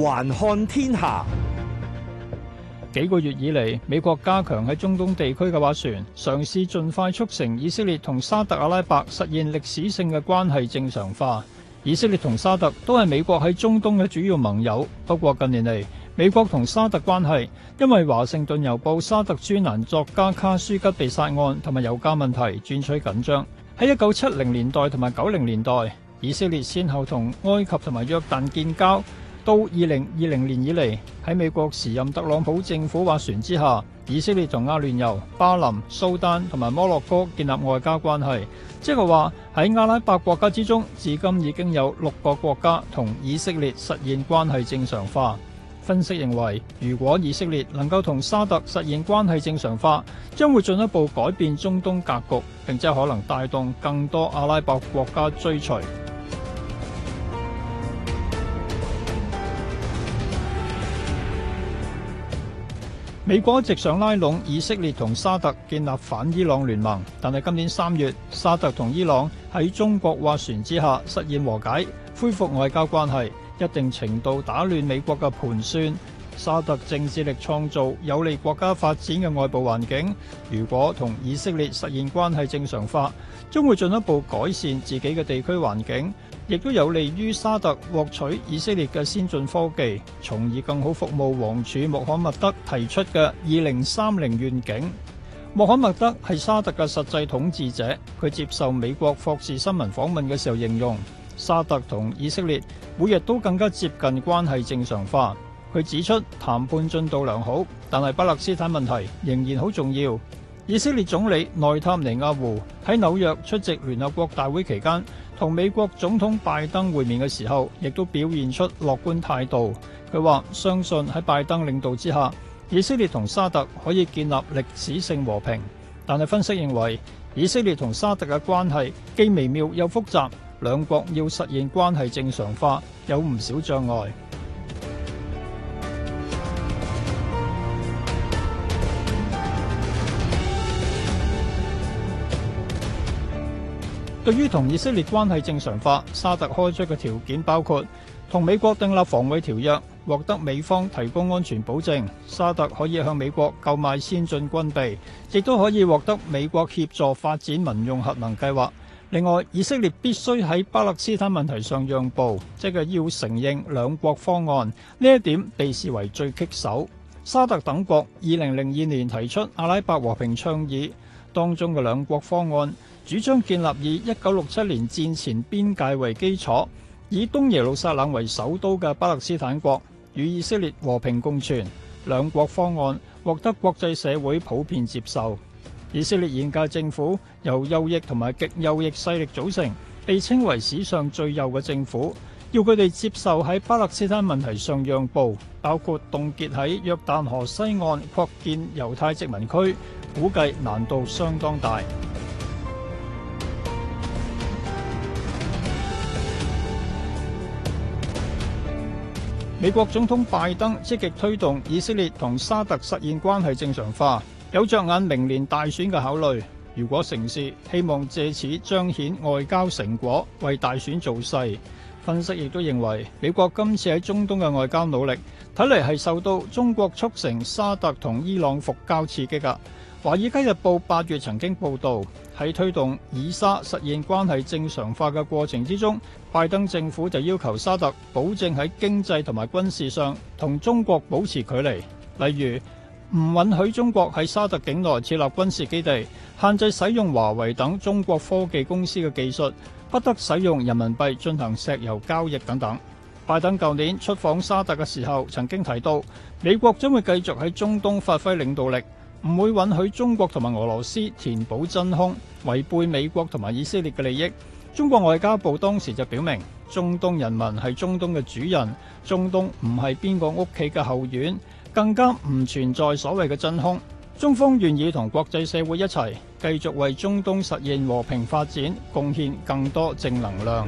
環看天下，幾個月以嚟，美國加強喺中東地區嘅斡旋，嘗試盡快促成以色列同沙特阿拉伯實現歷史性嘅關係正常化。以色列同沙特都係美國喺中東嘅主要盟友。不過近年嚟，美國同沙特關係因為華盛頓郵報沙特專欄作家卡舒吉被殺案同埋油價問題轉趨緊張。喺一九七零年代同埋九零年代，以色列先後同埃及同埋約旦建交。到二零二零年以嚟，喺美國時任特朗普政府斡旋之下，以色列同阿聯酋、巴林、蘇丹同埋摩洛哥建立外交關係。即係話，喺阿拉伯國家之中，至今已經有六個國家同以色列實現關係正常化。分析認為，如果以色列能夠同沙特實現關係正常化，將會進一步改變中東格局，並且可能帶動更多阿拉伯國家追隨。美國一直想拉攏以色列同沙特建立反伊朗聯盟，但係今年三月，沙特同伊朗喺中國斡旋之下實現和解，恢復外交關係，一定程度打亂美國嘅盤算。沙特正致力創造有利國家發展嘅外部環境，如果同以色列實現關係正常化，將會進一步改善自己嘅地區環境。亦都有利於沙特獲取以色列嘅先進科技，從而更好服務王儲穆罕默德提出嘅二零三零願景。穆罕默德係沙特嘅實際統治者，佢接受美國霍士新聞訪問嘅時候形容，沙特同以色列每日都更加接近關係正常化。佢指出談判進度良好，但係巴勒斯坦問題仍然好重要。以色列總理內塔尼亞胡喺紐約出席聯合國大會期間，同美國總統拜登會面嘅時候，亦都表現出樂觀態度。佢話相信喺拜登領導之下，以色列同沙特可以建立歷史性和平。但係分析認為，以色列同沙特嘅關係既微妙又複雜，兩國要實現關係正常化，有唔少障礙。對於同以色列關係正常化，沙特開出嘅條件包括同美國訂立防衛條約，獲得美方提供安全保證；沙特可以向美國購買先進軍備，亦都可以獲得美國協助發展民用核能計劃。另外，以色列必須喺巴勒斯坦問題上讓步，即係要承認兩國方案，呢一點被視爲最棘手。沙特等國二零零二年提出阿拉伯和平倡議，當中嘅兩國方案，主張建立以一九六七年戰前邊界為基礎，以東耶路撒冷為首都嘅巴勒斯坦國與以色列和平共存，兩國方案獲得國際社會普遍接受。以色列現屆政府由右翼同埋極右翼勢力組成，被稱為史上最右嘅政府。要佢哋接受喺巴勒斯坦問題上讓步，包括凍結喺約旦河西岸擴建猶太殖民區，估計難度相當大。美國總統拜登積極推動，以色列同沙特實現關係正常化，有着眼明年大選嘅考慮。如果成事，希望借此彰顯外交成果，為大選造勢。分析亦都認為，美國今次喺中東嘅外交努力，睇嚟係受到中國促成沙特同伊朗復交刺激噶。《華爾街日報》八月曾經報導，喺推動以沙實現關係正常化嘅過程之中，拜登政府就要求沙特保證喺經濟同埋軍事上同中國保持距離，例如，唔允許中國喺沙特境內設立軍事基地，限制使用華為等中國科技公司嘅技術，不得使用人民幣進行石油交易等等。拜登舊年出訪沙特嘅時候曾經提到，美國將會繼續喺中東發揮領導力，唔會允許中國同埋俄羅斯填補真空，違背美國同埋以色列嘅利益。中國外交部當時就表明，中東人民係中東嘅主人，中東唔係邊個屋企嘅後院。更加唔存在所謂嘅真空，中方願意同國際社會一齊，繼續為中東實現和平發展貢獻更多正能量。